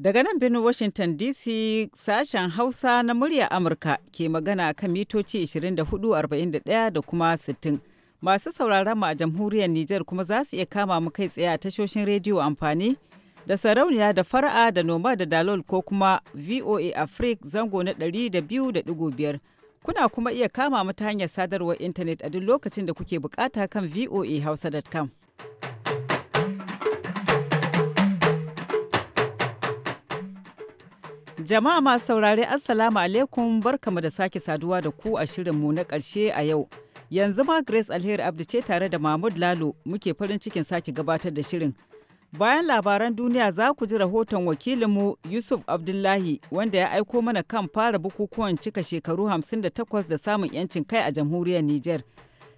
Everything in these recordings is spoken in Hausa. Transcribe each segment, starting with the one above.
Daga nan birnin Washington DC sashen Hausa na murya Amurka ke magana kan mitoci 24,41 da kuma 60. Masu sauraron mu a jamhuriyar Nijar kuma za su iya kama mu kai tsaye a tashoshin rediyo amfani da sarauniya da fara'a da noma da dalol ko kuma VOA Africa zango na 200.5. Kuna kuma iya kama mu ta hanyar sadarwar intanet a duk lokacin da kuke bukata kan voahausa.com. Jama'a masu saurare Assalamu alaikum barkamu da sake saduwa da ku a shirinmu na karshe a yau. Yanzu ma Grace Alheri Abdi ce tare da Mahmud Lalo muke farin cikin sake gabatar da shirin. Bayan labaran duniya za ku ji rahoton wakilinmu Yusuf Abdullahi wanda ya aiko mana kan fara bukukuwan cika shekaru 58 da samun 'yancin kai a jamhuriyar Nijar.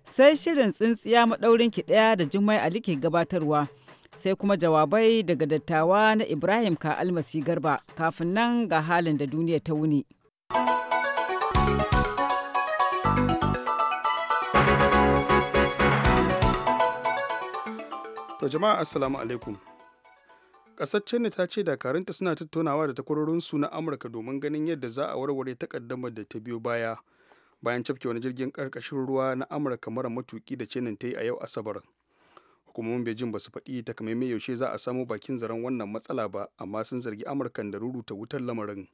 Sai shirin tsintsiya maɗaurin ki ɗaya da Jummai Ali ke gabatarwa. sai kuma jawabai daga dattawa na Ibrahim ka almasi garba kafin nan ga halin da duniya ta wuni. To jama'a assalamu alaikum. Ƙasar China ta ce dakarunta suna tattaunawa da takwarorinsu na Amurka domin ganin yadda za a warware takaddamar da ta biyo baya bayan cafke wani jirgin ƙarƙashin ruwa na Amurka mara matuki da China ta yi a yau Asabar. hukumomin beijing ba su faɗi takamaimai yaushe za a samu bakin zaren wannan matsala ba amma sun zargi amurkan da ruruta wutar lamarin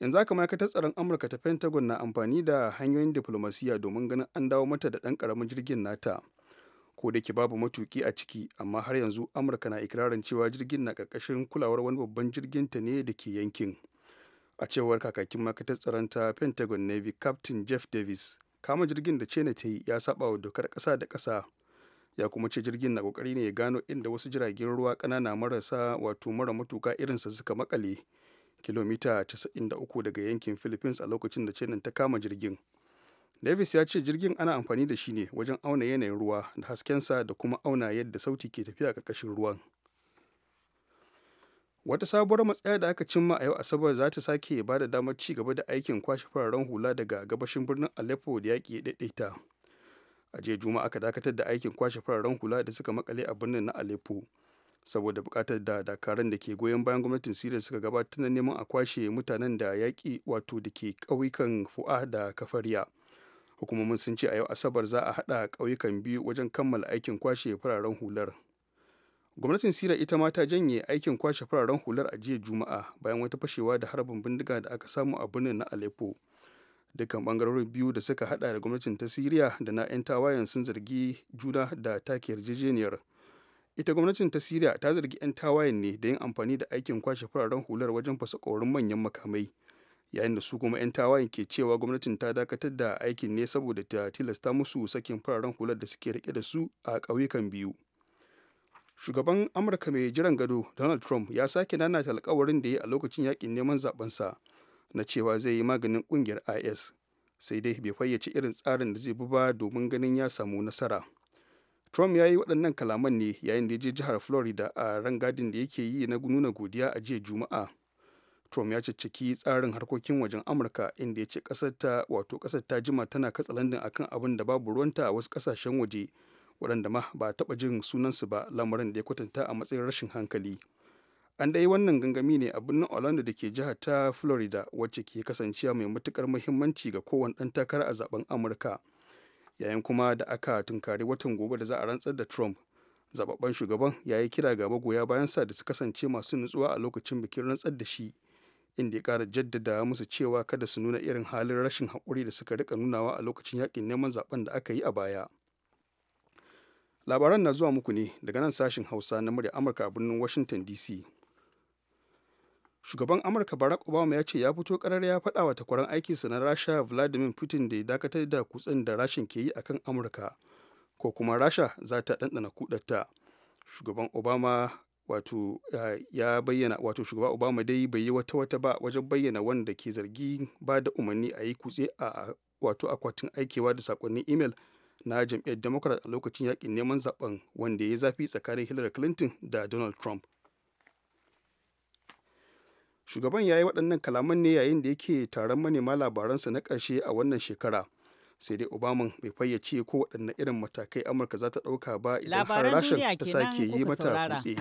yanzu haka ma'aikatar tsaron amurka ta pentagon na amfani da hanyoyin diflomasiyya domin ganin an dawo mata da ɗan ƙaramin jirgin nata ko da ke babu matuki a ciki amma har yanzu amurka na ikirarin cewa jirgin na ƙarƙashin kulawar wani babban jirgin ta ne da ke yankin a cewar kakakin ma'aikatar tsaron ta pentagon navy captain jeff davis kama jirgin da ce na ta yi ya saba wa dokar ƙasa da ƙasa ya kuma ce jirgin na kokari ne ya gano inda wasu jiragen ruwa kanana marasa wato mara matuka irin irinsa suka makale kilomita 93 daga yankin philippines a lokacin da china ta kama jirgin davis ya ce jirgin ana amfani da shi ne wajen auna yanayin ruwa da hasken sa da kuma auna yadda sauti ke tafiya a ƙarƙashin ruwan wata sabuwar matsaya da aka cimma a yau asabar za ta sake ba da damar ci gaba da aikin kwashe fararen hula daga gabashin birnin aleppo da yaƙi ya daidaita a jiya juma'a aka dakatar da aikin kwashe fararen hula da suka makale a birnin na aleppo saboda bukatar da dakaran da ke goyon bayan gwamnatin siriya suka gabatar na neman a kwashe mutanen da yaƙi wato da ke ƙauyukan fu'a da kafariya hukumomin sun ce a yau asabar za a haɗa ƙauyukan biyu wajen kammala aikin kwashe fararen hular gwamnatin siriya ita ma ta janye aikin kwashe fararen hular a jiya juma'a bayan wata fashewa da harbin bindiga da aka samu a birnin na aleppo dukkan bangarorin biyu da suka hada da gwamnatin ta siriya da na 'yan tawayen sun zargi juna da take yarjejeniyar ita gwamnatin ta siriya ta zargi 'yan tawayen ne da yin amfani da aikin kwashe fararen hular wajen fasa korin manyan makamai yayin da su kuma 'yan tawayen ke cewa gwamnatin ta dakatar da aikin ne saboda ta tilasta musu sakin fararen hular da suke rike da su a ƙauyukan biyu shugaban amurka mai jiran gado donald trump ya sake nanata alkawarin da ya a lokacin yakin neman zabensa sa na cewa zai yi maganin kungiyar is sai dai bai fayyace irin tsarin da zai bi ba domin ganin ya samu nasara trump ya yi waɗannan kalaman ne yayin da ya je jihar florida a rangadin da yake yi na nuna godiya a jiya juma'a trump ya cicciki tsarin harkokin wajen amurka inda ya ce ƙasar ta wato ƙasar ta jima tana katsa katsalandin akan abin da babu ruwanta a wasu ƙasashen waje waɗanda ma ba taɓa jin sunansu ba lamarin da ya kwatanta a matsayin rashin hankali an dai wannan gangami ne a birnin orlando da ke jihar ta florida wacce ke kasancewa mai matukar muhimmanci ga kowane dan takara a zaben amurka yayin kuma da aka tunkari watan gobe da za a rantsar da trump zababben shugaban ya yi kira ga magoya sa da su kasance masu nutsuwa a lokacin bikin rantsar da shi inda ya kara jaddada musu cewa kada su nuna irin halin rashin haƙuri da suka rika nunawa a lokacin yakin neman zaben da aka yi a baya labaran na zuwa muku ne daga nan sashin hausa na murya amurka a birnin washington dc shugaban amurka barack obama ya ce ya fito karar ya faɗa wa takwaran aikinsa na rasha vladimir putin da ya dakatar da kutsen da rashin ke yi a kan amurka ko kuma rasha za ta ɗanɗana kudatta shugaban obama wato ya bayyana wato shugaba obama dai bai yi wata wata ba wajen bayyana wanda ke zargi ba da umarni a yi kutse a wato akwatin aikewa da sakonnin imel na jam'iyyar democrat a lokacin yakin neman zaben wanda ya zafi tsakanin hillary clinton da donald trump shugaban ya yi waɗannan kalaman ne yayin da yake taron manema labaransa na ƙarshe a wannan shekara sai dai obama bai fayyace ko waɗanne irin matakai amurka za ta ɗauka ba idan har rashin ta sake yi mata kutse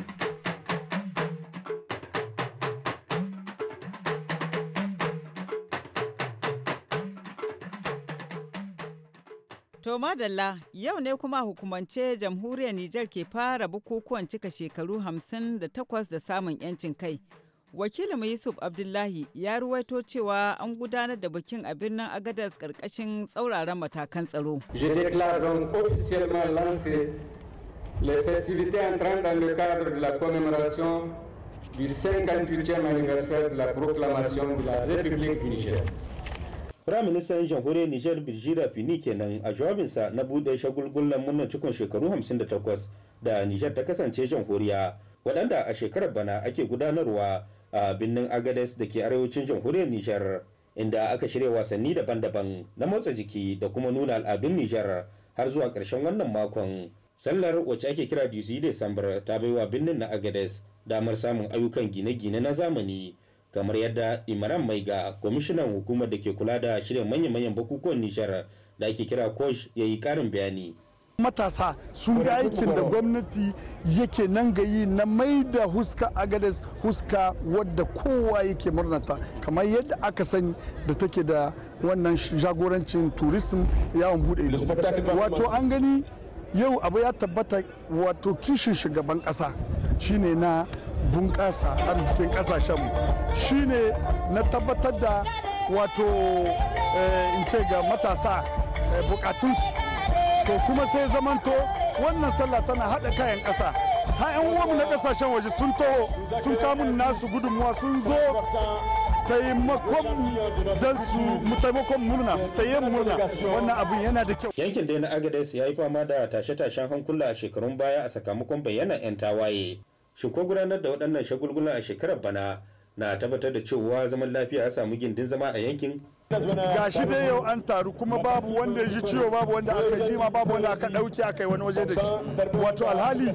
To madalla yau ne kuma hukumance jamhuriyar Nijar ke fara bukukuwan cika shekaru 58 da samun 'yancin kai. wakilin yusuf abdullahi ya ruwaito cewa an gudanar da bikin a birnin agadas karkashin tsauraran matakan tsaro je déclare donc officiellement lancé les festivités entrant dans le cadre de la commémoration du 58e anniversaire de la proclamation de la république du niger Firaministan jamhuriyar Nijar Birjira Fini kenan a jawabinsa na buɗe shagulgullan murnar cikon shekaru 58 da Nijar ta kasance jamhuriya waɗanda a shekarar bana ake gudanarwa a birnin agades da ke arewacin jamhuriyar nijar inda aka shirya wasanni daban-daban na motsa jiki da kuma nuna al'adun nijar har zuwa ƙarshen wannan makon sallar wacce ake kira dc december ta baiwa birnin na agades damar samun ayyukan gine-gine na zamani kamar yadda imran maiga kwamishinan hukumar da ke kula da shirya manya-manyan bukukuwan nijar da ake kira kosh ya yi ƙarin bayani matasa sun ga aikin da gwamnati yake nan ga yi na mai da huska agades huska wadda kowa yake murnata kamar yadda aka sani da take da wannan jagorancin turism yawon bude ido wato an gani yau abu ya tabbata wato kishin shugaban kasa shine na bunƙasa arzikin ƙasashenmu shine na tabbatar da wato eh, in ce ga matasa eh, bukatunsu to kuma sai zamanto wannan sallah tana hada kayan kasa ha 'yan uwanmu na kasashen waje sun to sun kamun nasu gudunmuwa sun zo taimakon don su taimakon murna su ta yin murna wannan abin yana da kyau yankin dai na agadez ya yi fama da tashe-tashen hankula a shekarun baya a sakamakon bayyana 'yan tawaye shin ko gudanar da waɗannan shagulgula a shekarar bana na tabbatar da cewa zaman lafiya ya samu gindin zama a yankin gashi dai yau an taru kuma babu wanda ya ji ciwo babu wanda aka ji ma babu wanda aka dauke aka yi wani waje da shi wato alhali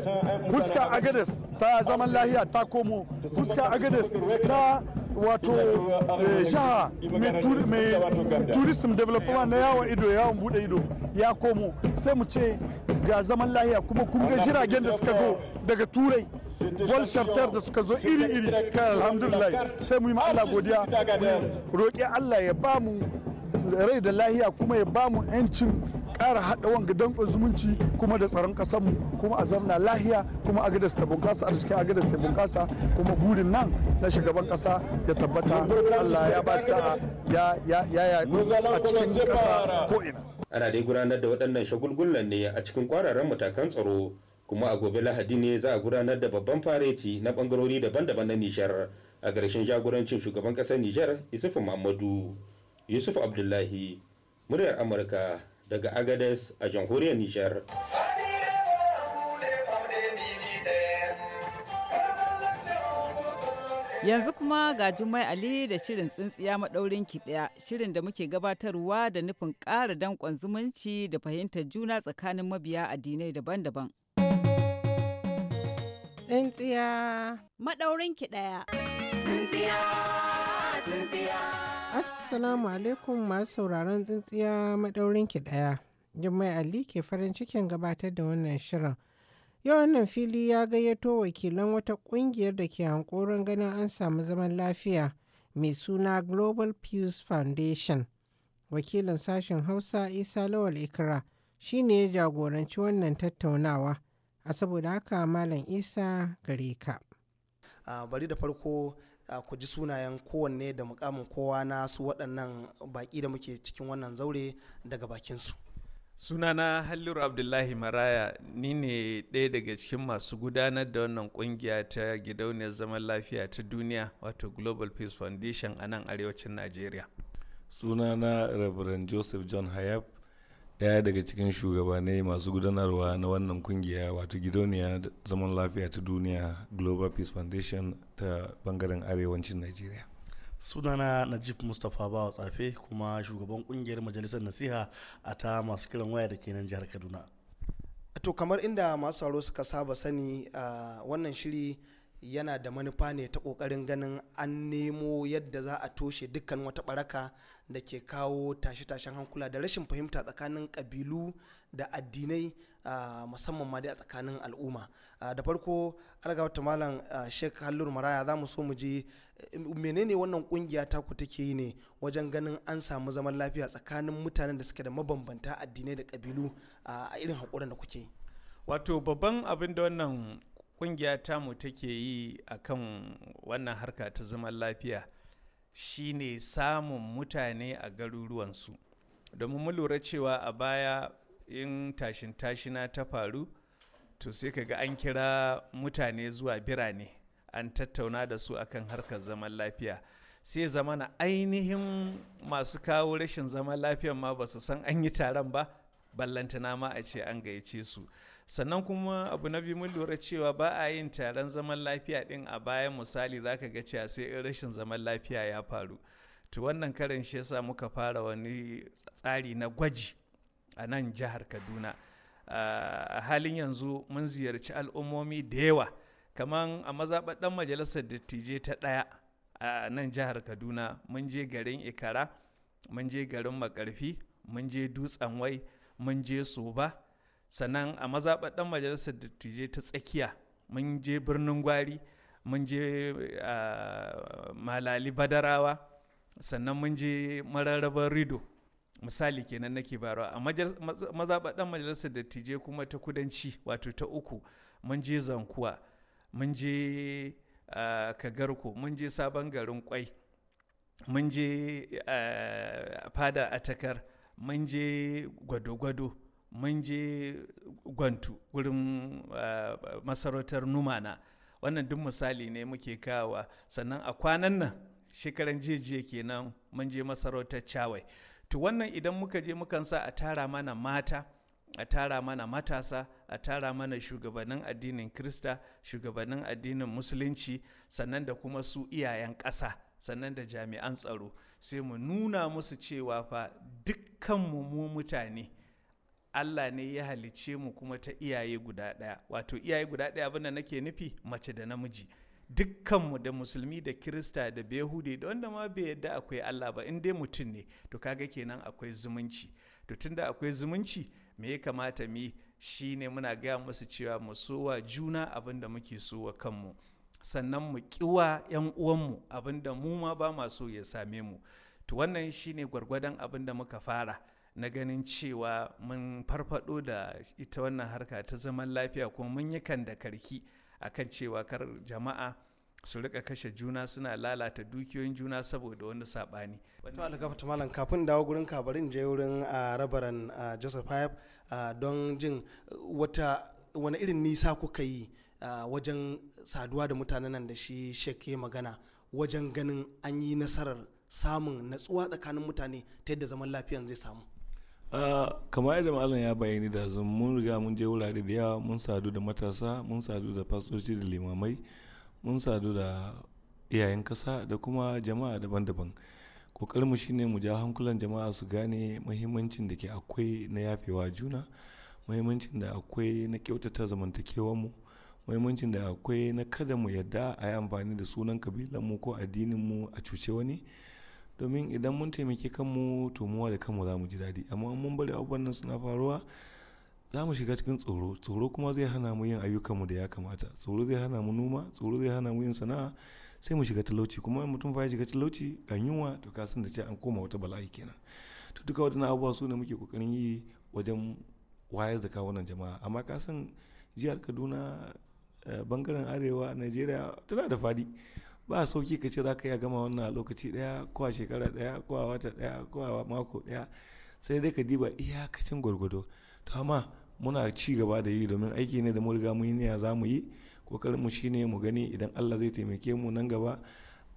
huska agades ta zaman lahiya ta komo huska agades ta wato eh, jiha mai tourism development na yawon ido yawon bude ido ya komo sai mu ce ga zaman lahiya kuma kun ga jiragen da suka zo daga turai vol chapter da suka zo iri-iri kai alhamdulillah sai mu yi Allah godiya roƙi Allah ya ba mu rai da lahiya kuma ya ba mu 'yancin ƙara haɗa wanga don zumunci kuma da tsaron ƙasarmu kuma a zamna lahiya kuma agadas ta bunƙasa arzikin agadas bunƙasa kuma burin nan na shugaban ƙasa ya tabbata Allah ya ba shi ya ya ya a cikin ƙasa ko ina ana dai gudanar da waɗannan shagulgullan ne a cikin ƙwararren matakan tsaro kuma a gobe lahadi ne za a gudanar da babban fareti na bangarori daban-daban na nijar a ƙarshen jagorancin shugaban ƙasar nijar isufu muhammadu yusuf abdullahi muryar amurka daga agadas a jamhuriyar nijar yanzu kuma ga Jummai ali da shirin tsintsiya maɗaurin ki ɗaya shirin da muke gabatarwa da nufin ƙara danƙon zumunci da fahimtar juna tsakanin mabiya addinai daban-daban Tsintsiya. ki ɗaya. Tsintsiya, tsintsiya. Assalamu alaikum masu sauraron tsintsiya maɗaurinki ɗaya. Jummai Ali ke farin cikin gabatar da wannan shirin. Yau wannan fili ya gayyato wakilan wata ƙungiyar da ke hankoron ganin an samu zaman lafiya mai suna Global Peace Foundation. Wakilin sashen Hausa Isa Lawal Ikra shi ne ya jagoranci wannan tattaunawa. a saboda haka malam isa gare ka bari da farko ku ji sunayen kowanne da mukamin kowa na su waɗannan baƙi da muke cikin wannan zaure daga bakin su. sunana halliru abdullahi maraya ni ne ɗaya daga cikin masu gudanar da wannan ƙungiya ta gidauniyar zaman lafiya ta duniya wato global peace foundation a nan arewacin najeriya sunana reverend joseph john hayab daya daga cikin shugabanai masu gudanarwa na wannan kungiya wato gidoniya zaman lafiya ta duniya global peace foundation ta bangaren arewacin nigeria sunana najib mustapha bawa tsafe kuma shugaban kungiyar majalisar nasiha a ta masu kiran waya da kenan jihar kaduna to kamar inda masu sauro suka saba sani a wannan shiri yana da manufa ne ta kokarin ganin an nemo yadda za a toshe dukkan wata baraka da ke kawo tashe-tashen hankula da rashin fahimta tsakanin kabilu da addinai musamman ma dai a tsakanin al'umma da farko algawata malam sheikh hallur maraya za mu so mu je eh, menene wannan kungiya ta ku take yi ne wajen ganin an samu zaman lafiya tsakanin mutanen da suke da mabambanta addinai da kabilu a irin haƙurin da kuke yi wato babban abin da wannan kungiya mu take yi a kan wannan harka ta zaman lafiya shine samun mutane a garuruwansu domin mu lura cewa a baya in tashin tashina ta faru to sai ka ga an kira mutane zuwa birane an tattauna da su akan harkar zaman lafiya sai zamana ainihin masu kawo rashin zaman lafiyan ma ba su san an yi taron ba ballantana ma a ce an gayyace su sannan kuma abu na biyu mun lura cewa ba a yin taron zaman lafiya din a bayan misali zaka ga cewa sai in rashin zaman lafiya ya faru to wannan karin shi yasa muka fara wani tsari na gwaji a nan jihar kaduna a halin yanzu mun ziyarci al'ummomi da yawa kamar a mazaɓar majalisar dattijai ta ɗaya a nan jihar kaduna mun je garin ikara mun je garin makarfi mun je dutsen wai mun je soba sannan a mazaɓar ɗan majalisar dattijai ta tsakiya mun je birnin gwari mun je malali badarawa sannan mun je mararrabar rido misali kenan nake barawa a mazaɓar ɗan majalisar dattijai kuma ta kudanci wato ta uku mun je zankuwa mun je kagarko mun je sabon garin kwai mun je fada atakar mun je gwado-gwado mun je gwantu wurin eh, masarautar numana wannan duk misali ne muke kawa sannan a kwanan nan shekaran jiya kenan mun je masarautar cawai to wannan idan muka je mukan sa a tara mana mata a tara mana matasa a tara mana shugabannin addinin krista shugabannin addinin musulunci sannan da kuma su iyayen ƙasa sannan da jami'an tsaro sai mu nuna musu cewa fa dukkanmu mu mutane Allah ne ya halicce mu kuma ta iyaye guda ɗaya wato iyaye guda ɗaya abinda nake nufi mace da namiji dukkanmu da musulmi da kirista da behudi da wanda ma bai yadda akwai Allah ba in dai mutum ne to kaga kenan akwai zumunci to tunda akwai zumunci me ya kamata mu shine muna gaya musu cewa mu sowa juna abin da muke sowa kanmu sannan mu kiwa 'yan uwanmu abin da mu ma ba masu ya same mu to wannan shine gwargwadon abin da muka fara na ganin cewa mun farfado da ita wannan harka ta zaman lafiya kuma mun yi kan da karki akan cewa kar jama'a su rika kashe juna suna lalata dukiyoyin juna saboda wani saɓani. Wato algafatu malam kafin dawo gurin kabarin je wurin rabaran Joseph Hayab don jin wata wani irin nisa kuka yi wajen saduwa da mutanen nan da shi shek magana wajen ganin an yi nasarar samun natsuwa tsakanin mutane ta yadda zaman lafiyan zai samu. kamar yadda malam ya bayani da zan mun riga mun je wurare da yawa mun sadu da matasa mun sadu da fasoci da limamai mun sadu da iyayen kasa da kuma jama'a daban-daban kokarinmu shine mu ja hankulan jama'a su gane muhimmancin da ke akwai na yafewa juna muhimmancin da akwai na kyautata zamantakewarmu muhimmancin da akwai na kada mu yadda a yi amfani da sunan kabilanmu ko addininmu a cuce wani domin idan mun taimake kanmu to muwa da kanmu za mu ji daɗi amma mun bari abubuwan nan suna faruwa za mu shiga cikin tsoro tsoro kuma zai hana mu yin ayyukanmu da ya kamata tsoro zai hana mu noma tsoro zai hana mu yin sana'a sai mu shiga talauci kuma mutum fa ya shiga talauci ga yunwa to ka san da ce an koma wata bala'i kenan to duka waɗannan abubuwa su ne muke kokarin yi wajen wayar da kawunan jama'a amma ka san jihar kaduna eh, bangaren arewa najeriya tana da fadi ba sauki ka ce za ka iya gama wannan a lokaci daya ko a shekara daya ko a wata daya ko a mako daya sai dai ka diba iyakacin gwargwado to amma muna ci gaba da yi domin aiki ne da mu riga mun yi niyya za mu yi kokarin mu shine mu gani idan Allah zai taimake mu nan gaba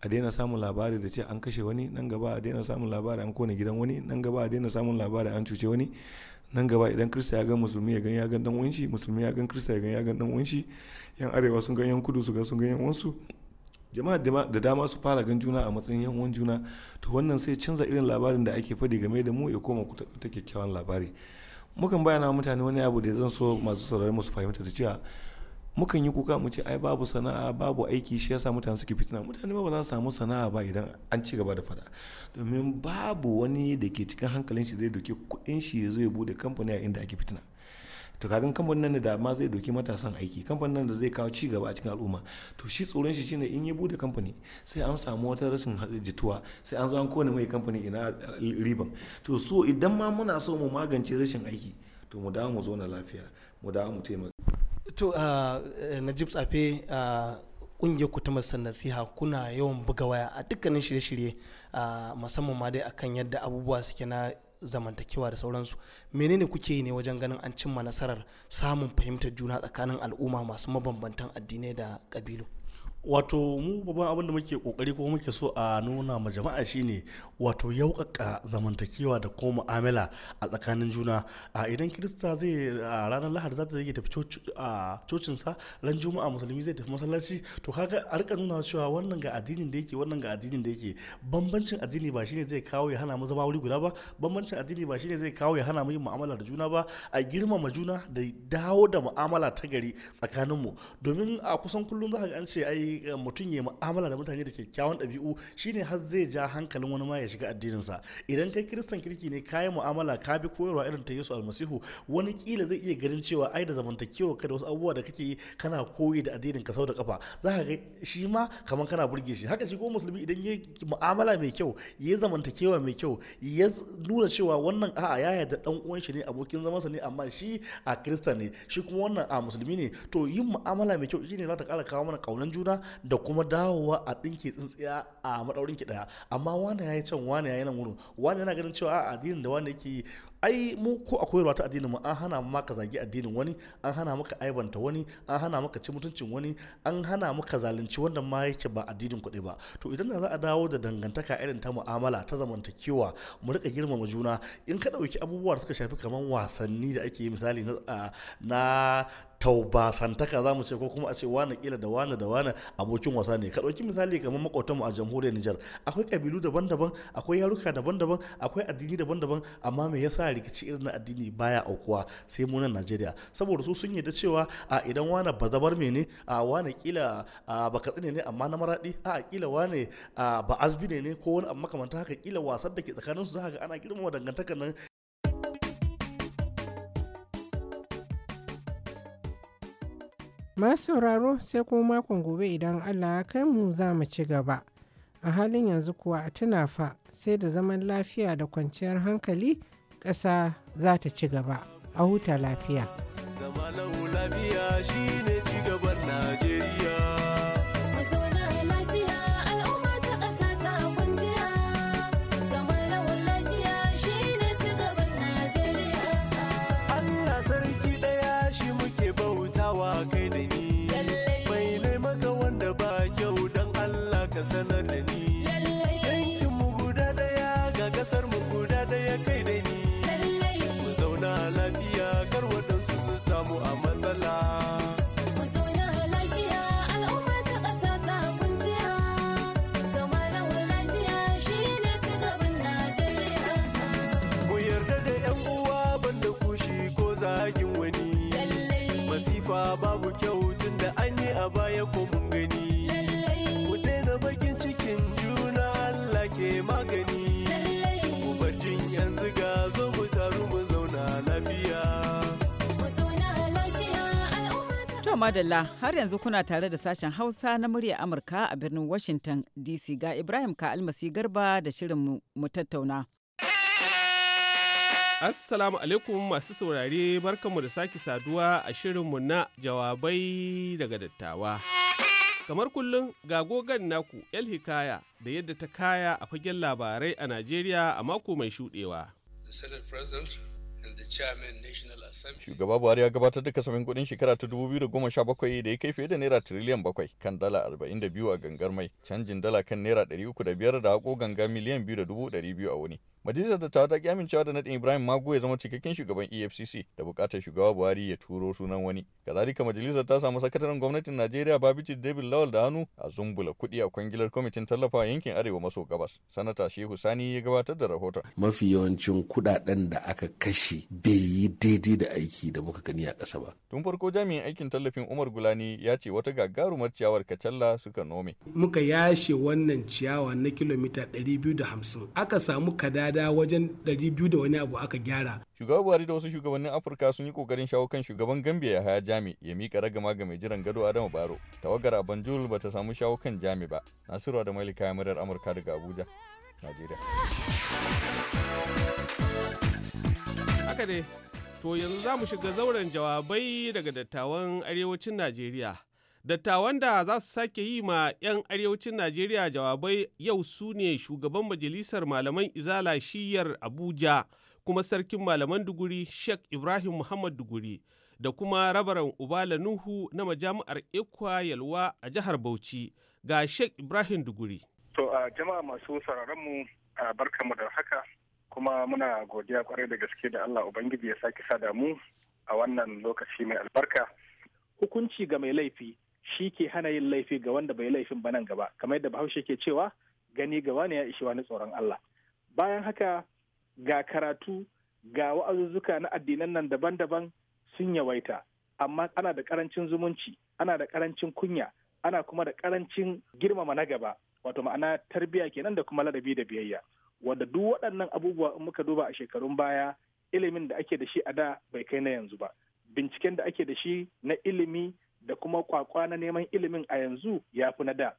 a daina samun labari da ce an kashe wani nan gaba a daina samun labari an kone gidan wani nan gaba a daina samun labari an cuce wani nan gaba idan krista ya ga musulmi ya gan ya gan dan uwanshi musulmi ya gan krista ya gan ya gan dan uwanshi yan arewa sun gan yan kudu su ga sun gan yan wansu jama'a da dama su fara gan juna a matsayin yan uwan juna to wannan sai canza irin labarin da ake faɗi game da mu ya koma ta kyakkyawan labari mukan bayyana mutane wani abu da zan so masu saurari su fahimta da cewa mukan yi kuka mu ce ai babu sana'a babu aiki shi yasa mutane suke fitina mutane ba za su samu sana'a ba idan an ci gaba da fada domin babu wani da ke cikin hankalin shi zai doke kuɗin shi ya zo ya bude kamfani a inda ake fitina to kagan kamfanin nan da ma zai doki matasan aiki kamfanin nan da zai kawo ci gaba a cikin al'umma to shi tsoron shi shine in ya bude kamfani sai an samu wata rashin jituwa sai an zo an kone mai kamfani ina eh, riban to so idan ma muna so mu magance rashin aiki to mu dawo mu zauna lafiya mu dawo mu taimaka to ah, eh, najib tsafe kungiyar ah, ku ta nasiha kuna yawan buga waya a dukkanin shirye-shirye ah, musamman ma dai akan yadda abubuwa suke na zamantakewa da sauransu menene kuke yi ne wajen ganin an cimma nasarar samun fahimtar juna tsakanin al'umma masu mabambantan addinai da ƙabilu wato mu babban abin da muke kokari ko muke so a nuna ma jama'a shine wato yaukaka zamantakewa da kuma mu'amala a tsakanin juna a idan kirista zai a ranar lahadi za ta zai tafi cocin sa ran juma'a musulmi zai tafi masallaci to kaga a rika nuna cewa wannan ga addinin da yake wannan ga addinin da yake bambancin addini ba shine zai kawo ya hana mu zama wuri guda ba bambancin addini ba shine zai kawo ya hana mu yin mu'amala da juna ba a girmama juna da dawo da mu'amala ta gari mu domin a kusan kullum za ka ga an ce ai mutum ya mu'amala da mutane da kyakkyawan ɗabi'u shine har zai ja hankalin wani ma ya shiga addininsa idan kai kiristan kirki ne ka yi mu'amala ka bi koyarwa irin ta Yesu almasihu wani kila zai iya ganin cewa ai da zamantakewa ka da wasu abubuwa da kake yi kana koyi da addinin ka sau da kafa za ka ga shi ma kamar kana burge shi haka shi ko musulmi idan ya mu'amala mai kyau ya zamantakewa mai kyau ya nuna cewa wannan a'a ya yarda dan uwan shi ne abokin sa ne amma shi a kirista ne shi kuma wannan a musulmi ne to yin mu'amala mai kyau shine za ta kara kawo mana kaunan juna da kuma dawowa a ɗinke tsintsiya a maɗaurin ɗaya amma wani ya yi can wani ya yi nan wurin wani yana ganin cewa a addinin da wani yake ai mu ko a koyarwa ta addinin mu an hana maka zagi addinin wani an hana maka aibanta wani an hana maka ci mutuncin wani an hana maka zalunci wanda ma yake ba addinin kuɗi ba to idan na za a dawo da dangantaka irin ta mu'amala ta zamantakewa mu rika girmama juna in ka ɗauki abubuwa da suka shafi kamar wasanni da ake yi misali na taubasantaka za mu ce ko kuma a ce wani kila da wani da wani abokin wasa ne ka ɗauki misali kamar mu a jamhuriyar Nijar akwai kabilu daban-daban akwai yaruka daban-daban akwai addini daban-daban amma me yasa rikici irin na addini baya aukuwa sai mu nan Najeriya saboda su sun yarda cewa a idan wani bazabar me ne a wani kila ba katsine ne amma na maradi a kila wani ba azbi ne ne ko wani amma kamanta haka kila wasan da ke tsakanin su za ga ana girmama dangantakar nan masu sauraro sai kuma makon gobe idan allah ya kai mu za mu ci gaba a halin yanzu kuwa a tuna fa sai da zaman lafiya da kwanciyar hankali ƙasa za ta ci gaba a huta lafiya. Zama lafiya shine To madalla har yanzu kuna tare da sashen Hausa na murya Amurka a birnin Washington DC ga Ibrahim ka almasi garba da shirin mu tattauna. Assalamu alaikum masu saurare barkanmu da sake saduwa a shirinmu na jawabai daga dattawa. Kamar kullum ga gogan naku El Hikaya da yadda ta kaya a fagen labarai a Najeriya a mako mai shudewa. The Senate President Shugaba Buhari ya gabatar da kasafin kudin shekara ta 2017 da ya kai fiye da naira tiriliyan bakwai kan dala 42 a gangar mai, canjin dala kan naira 305 da hako ganga miliyan 2.200 a wuni. Majalisar Dattawa ta ƙi amincewa da nadin Ibrahim Mago ya zama cikakken shugaban EFCC da bukatar shugaba Buhari ya turo sunan wani. Kazalika majalisar ta samu sakataren gwamnatin Najeriya Babiji David Lawal da hannu a zumbula kuɗi a kwangilar kwamitin tallafawa yankin Arewa maso gabas. Sanata Shehu Sani ya gabatar da rahoton. Mafi yawancin kuɗaɗen da aka kashe bai yi daidai da aiki da muka gani a ƙasa ba. Tun farko jami'in aikin tallafin Umar Gulani ya ce wata gagarumar ciyawar Kacalla suka nome. Muka yashe wannan ciyawa na kilomita ɗari biyu da hamsin Aka samu kada lada wajen 200 da wani abu aka gyara. Shugaban Buhari da wasu shugabannin Afirka sun yi kokarin shawo kan shugaban Gambia ya haya Jami ya mika ragama ga mai jiran gado Adamu Baro. Tawagar a Banjul ba ta samu shawo kan Jami ba. Nasiru da Malika murar Amurka daga Abuja, Najeriya. Haka ne, to yanzu za mu shiga zauren jawabai daga dattawan arewacin Najeriya. Dattawan da za su sake yi ma 'yan arewacin Najeriya jawabai yau su ne shugaban majalisar malaman izala shiyar Abuja kuma sarkin malaman duguri Sheikh Ibrahim Muhammad duguri da kuma rabaran Ubala Nuhu na majami'ar Ikwa Yalwa a jihar Bauchi ga Sheikh Ibrahim duguri. To a jama'a masu barka mu barkamu da haka kuma muna godiya kwarai da gaske da Allah Ubangiji ya sake sada mu a wannan lokaci mai albarka. Hukunci ga mai laifi shi ke hana yin laifi ga wanda bai laifin ba nan gaba kamar yadda bahaushe ke cewa gani gaba ne ya ishi wani tsoron Allah bayan haka ga karatu ga wa'azuzzuka na addinan nan daban-daban sun yawaita amma ana da karancin zumunci ana da karancin kunya ana kuma da karancin girmama na gaba wato ma'ana tarbiyya kenan da kuma ladabi da biyayya wanda duk waɗannan abubuwa in muka duba a shekarun baya ilimin da ake da shi a da bai kai na yanzu ba binciken da ake da shi na ilimi da kuma kwakwa na neman ilimin a yanzu ya fi na da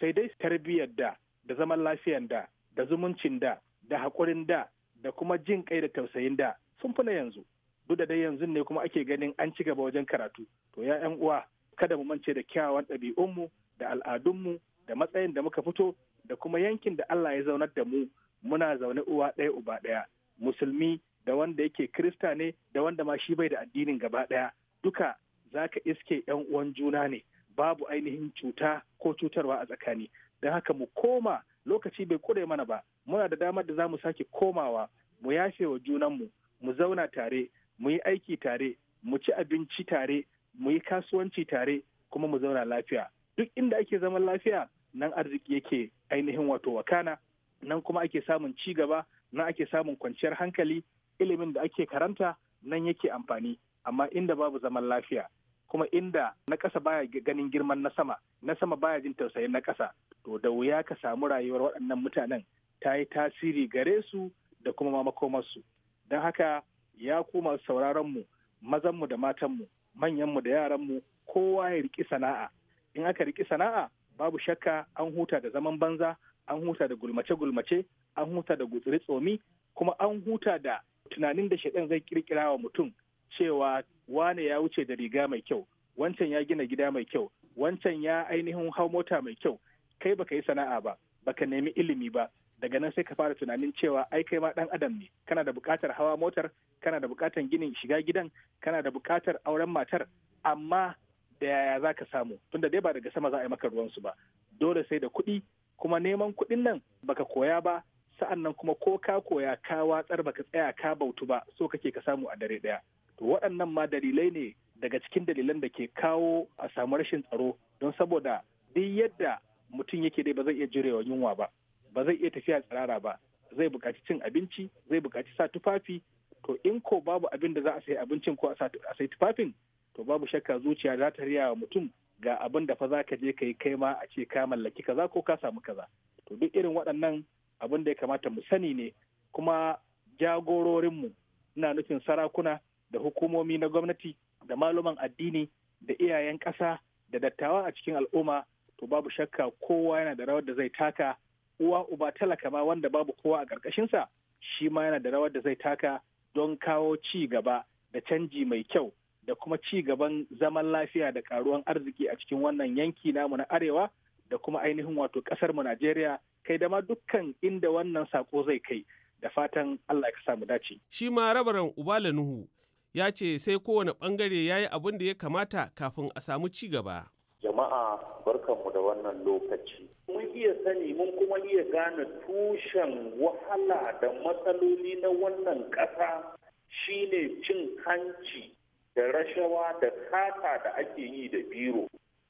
sai dai tarbiyyar da da zaman lafiyar da da zumuncin da da haƙurin da da kuma jin kai da tausayin da sun fi na yanzu duk da dai yanzu ne kuma ake ganin an ci gaba wajen karatu to ya yan uwa kada mu mance da kyawawan ɗabi'unmu da al'adunmu da matsayin da muka fito da kuma yankin da Allah ya zaunar da mu muna zaune uwa ɗaya uba ɗaya musulmi da wanda yake kirista ne da wanda ma shi bai da addinin gaba ɗaya duka za ka iske 'yan uwan juna ne babu ainihin cuta ko cutarwa a tsakani don haka mu koma lokaci bai kure mana ba muna da damar da za mu sake komawa mu yafe wa junanmu mu zauna tare mu yi aiki tare mu ci abinci tare mu yi kasuwanci tare kuma mu zauna lafiya duk inda ake zaman lafiya nan arziki yake ainihin wato wakana nan kuma ake samun ci gaba nan ake samun kwanciyar hankali ilimin da ake karanta nan yake amfani amma inda babu zaman lafiya kuma inda na ƙasa baya ganin girman na sama na sama baya jin tausayin na ƙasa to da wuya ka samu rayuwar waɗannan mutanen ta yi tasiri gare su da kuma makomarsu don haka ya koma sauraronmu mazanmu da matanmu manyanmu da yaranmu kowa ya riki sana'a in aka riki sana'a babu shakka an huta da zaman banza an huta da gulmace-gulmace an huta da gutsiri tsomi kuma an huta da tunanin da shaɗan zai ƙirƙira wa mutum cewa wane ya wuce da riga mai kyau wancan ya gina gida mai kyau wancan ya ainihin hau mota mai kyau kai baka yi sana'a ba baka nemi ilimi ba daga nan sai ka fara tunanin cewa ai kai ma dan adam ne kana da bukatar hawa motar kana da bukatar ginin shiga gidan kana da bukatar auren matar amma da yaya za ka samu tunda dai ba daga sama za a yi maka ruwansu ba dole sai da kuɗi kuma neman kuɗin nan baka koya ba sa'an nan kuma ko ka koya ka watsar baka tsaya ka bautu ba so kake ka samu a dare ɗaya to waɗannan ma dalilai ne daga cikin dalilan da ke kawo a samu rashin tsaro don saboda duk yadda mutum yake dai ba zai iya jirewa yunwa ba ba zai iya tafiya tsirara ba zai bukaci cin abinci zai bukaci sa tufafi to in ko babu abin da za a sayi abincin ko a sayi tufafin to babu shakka zuciya za ta riya wa mutum ga abin da fa za ka je ka yi kai ma a ce ka mallaki kaza ko ka samu kaza to duk irin waɗannan abin da ya kamata mu sani ne kuma jagororinmu ina nufin sarakuna da hukumomi na gwamnati da maluman addini da iyayen ƙasa da dattawa a cikin al'umma to babu shakka kowa yana da rawar da zai taka uwa uba talaka wanda babu kowa a ƙarƙashinsa shi ma yana da rawar da zai taka don kawo ci gaba da canji mai kyau da kuma ci gaban zaman lafiya da karuwan arziki a cikin wannan yanki namu na arewa da kuma ainihin wato ƙasarmu mu Najeriya kai da ma dukkan inda wannan sako zai kai da fatan Allah ya samu dace. Shi ma rabaran Ubala Nuhu ya ce sai kowane bangare ya yi abin da ya kamata kafin a samu ci gaba. Jama'a barkanmu da wannan lokaci. Mun iya sani mun kuma iya gane tushen wahala da matsaloli na wannan ƙasa shine cin hanci da rashawa da kata da ake yi da biro.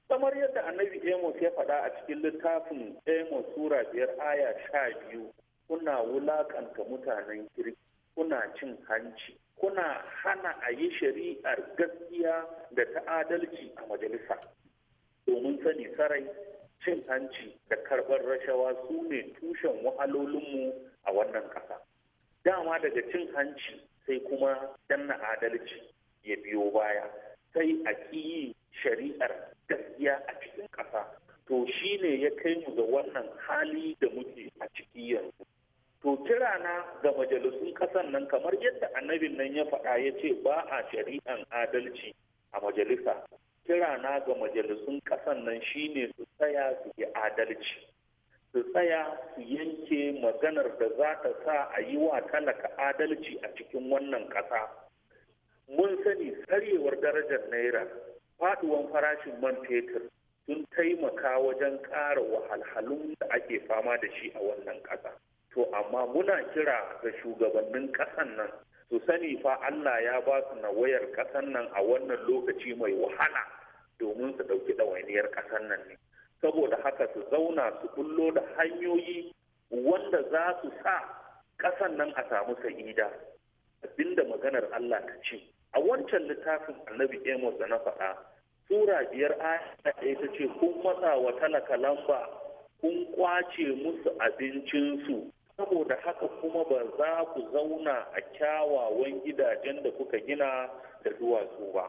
kamar yadda annabi Amos ya faɗa a cikin littafin Amos Sura biyar aya sha biyu kuna wulaƙanta mutanen kirki kuna cin hanci kuna hana a yi shari'ar gaskiya da ta adalci a majalisa domin sani sarai cin hanci da karɓar rashawa su ne tushen wahalolinmu a wannan ƙasa dama daga cin hanci sai kuma danna adalci ya biyo baya sai a yi shari'ar gaskiya a cikin ƙasa to shi ne ya kai mu ga wannan hali da muke a ciki yanzu to kirana ga majalisun ƙasan nan kamar yadda annabin nan ya faɗa ya ce ba a shari'an adalci a majalisa kirana ga majalisun ƙasan nan shine su tsaya su yi adalci su tsaya su yanke maganar da za ta sa a yi wa talaka adalci a cikin wannan ƙasa mun sani tsarewar darajar naira faduwan farashin man fetur sun taimaka wajen ƙara wahalhalun da ake fama da shi a wannan ƙasa to amma muna kira ga shugabannin ƙasan nan su sani fa Allah ya ba su na wayar ƙasan nan a wannan lokaci mai wahala domin su ɗauki ɗawainiyar ƙasan nan ne saboda haka su zauna su kullo da hanyoyi wanda za su sa ƙasan nan a samu sa'ida abinda maganar Allah ta ce a wancan littafin annabi Amos da na faɗa sura biyar aya ɗaya ta ce kun matsa wa talaka lamba kun kwace musu abincinsu saboda haka kuma ba za ku zauna a kyawawan gidajen da kuka gina da duwatsu ba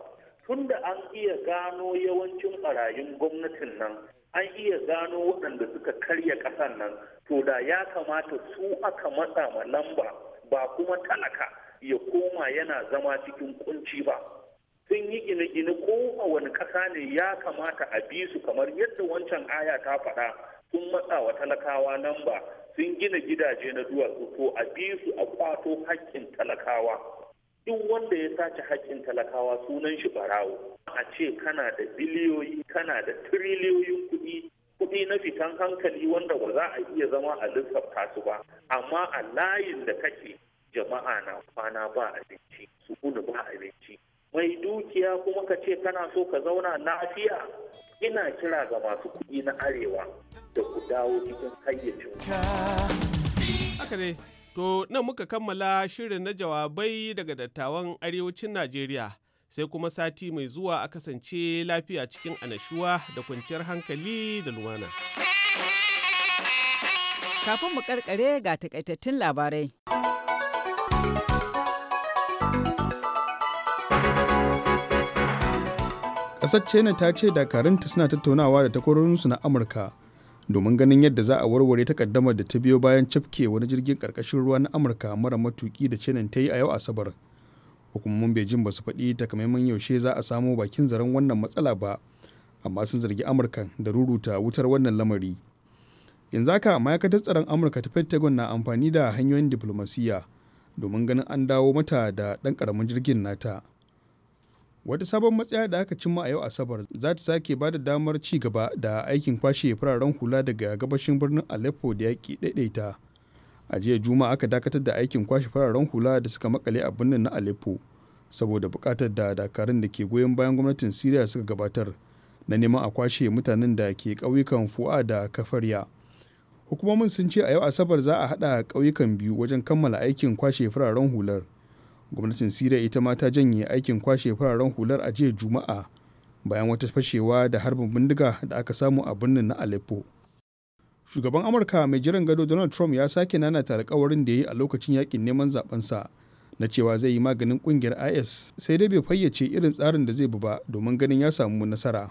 tunda an iya gano yawancin barayin gwamnatin nan an iya gano waɗanda suka karya ƙasan nan to da ya kamata su aka matsa ma lamba ba kuma talaka ya koma yana zama cikin kunci ba sun yi gine-gine ko a wani ƙasa ne ya kamata a bi su kamar yadda wancan aya ta faɗa sun matsa wa talakawa lamba sun gina gidaje na duwatsu ko a bi su a kwato haƙƙin talakawa duk wanda ya sace haƙƙin talakawa sunan shi barawo a ce kana da biliyoyi kana da tiriliyoyin kuɗi kuɗi na fitan hankali wanda ba za a iya zama a lissafta su ba amma a layin da kake jama'a na kwana ba abinci su ba abinci mai dukiya kuma ka ce kana so ka zauna lafiya ina kira ga masu kuɗi na arewa da ku dawo cikin hayyacin haka dai to nan muka kammala shirin na jawabai daga dattawan arewacin najeriya sai kuma sati mai zuwa a kasance lafiya cikin anashuwa da kwanciyar hankali da lumana. Kafin mu karkare ga takaitattun labarai. Ƙasar China ta ce dakarunta suna tattaunawa da takwarorinsu na Amurka domin ganin yadda za a warware takaddamar da ta biyo bayan cafke wani jirgin karkashin ruwa na amurka mara matuki da cinin ta yi a yau asabar hukumomin beijing ba su faɗi takamaiman yaushe za a samo bakin zaren wannan matsala ba amma sun zargi amurka da ruruta wutar wannan lamari yanzu haka ma'aikatar tsaron amurka ta pentagon na amfani da hanyoyin diflomasiyya domin ganin an dawo mata da ɗan ƙaramin jirgin nata wata sabon matsaya da aka cimma a yau asabar za ta sake ba da damar ci gaba da aikin kwashe fararen hula daga gabashin birnin aleppo da yaƙi daidaita a jiya juma aka dakatar da aikin kwashe fararen hula da suka makale a birnin na aleppo saboda buƙatar da dakarun da ke goyon bayan gwamnatin syria suka gabatar na neman a kwashe mutanen da ke ƙauyukan fu'a da kafarya hukumomin sun ce a yau asabar za a haɗa ƙauyukan biyu wajen kammala aikin kwashe fararen hular gwamnatin siriya ita ma ta janye aikin kwashe fararen hular a jiya juma'a bayan wata fashewa da harbin bindiga da aka samu a birnin na aleppo shugaban amurka mai jiran gado donald trump ya sake nanata alkawarin da ya yi a lokacin yakin neman zabensa na cewa zai yi maganin kungiyar is sai dai bai fayyace irin tsarin da zai bi ba domin ganin ya samu nasara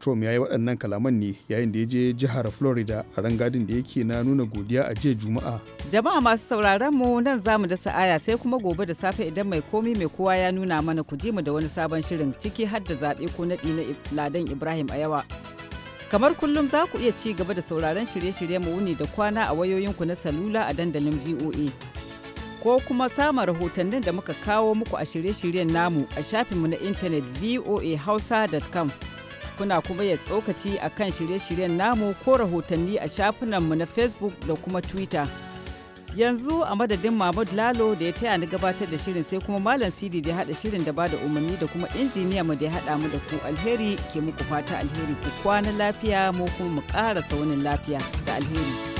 Trump ya yi waɗannan kalaman ne yayin da ya je jihar Florida a rangadin da yake na nuna godiya a jiya Juma'a. Jama'a masu sauraron mu nan zamu da sa'aya sai kuma gobe da safe idan mai komi mai kowa ya nuna mana ku ji mu da wani sabon shirin ciki har da zaɓe ko naɗi na Ladan Ibrahim a yawa. Kamar kullum za ku iya ci gaba da sauraron shirye-shiryen mu wuni da kwana a wayoyinku na salula a dandalin VOA. ko kuma samun rahotannin da muka kawo muku a shirye-shiryen namu a shafinmu na intanet voahausa.com kuna kuma ya tsokaci a kan shirye-shiryen namu ko rahotanni a shafinanmu na facebook da kuma twitter yanzu a madadin mahmud lalo da ya taya ni gabatar da shirin sai kuma malam sidi da ya haɗa shirin da ba da umarni da kuma injiniya mu da ya haɗa mu da ku alheri ke muku fata alheri ku kwana lafiya mu kuma mu ƙara saunin lafiya da alheri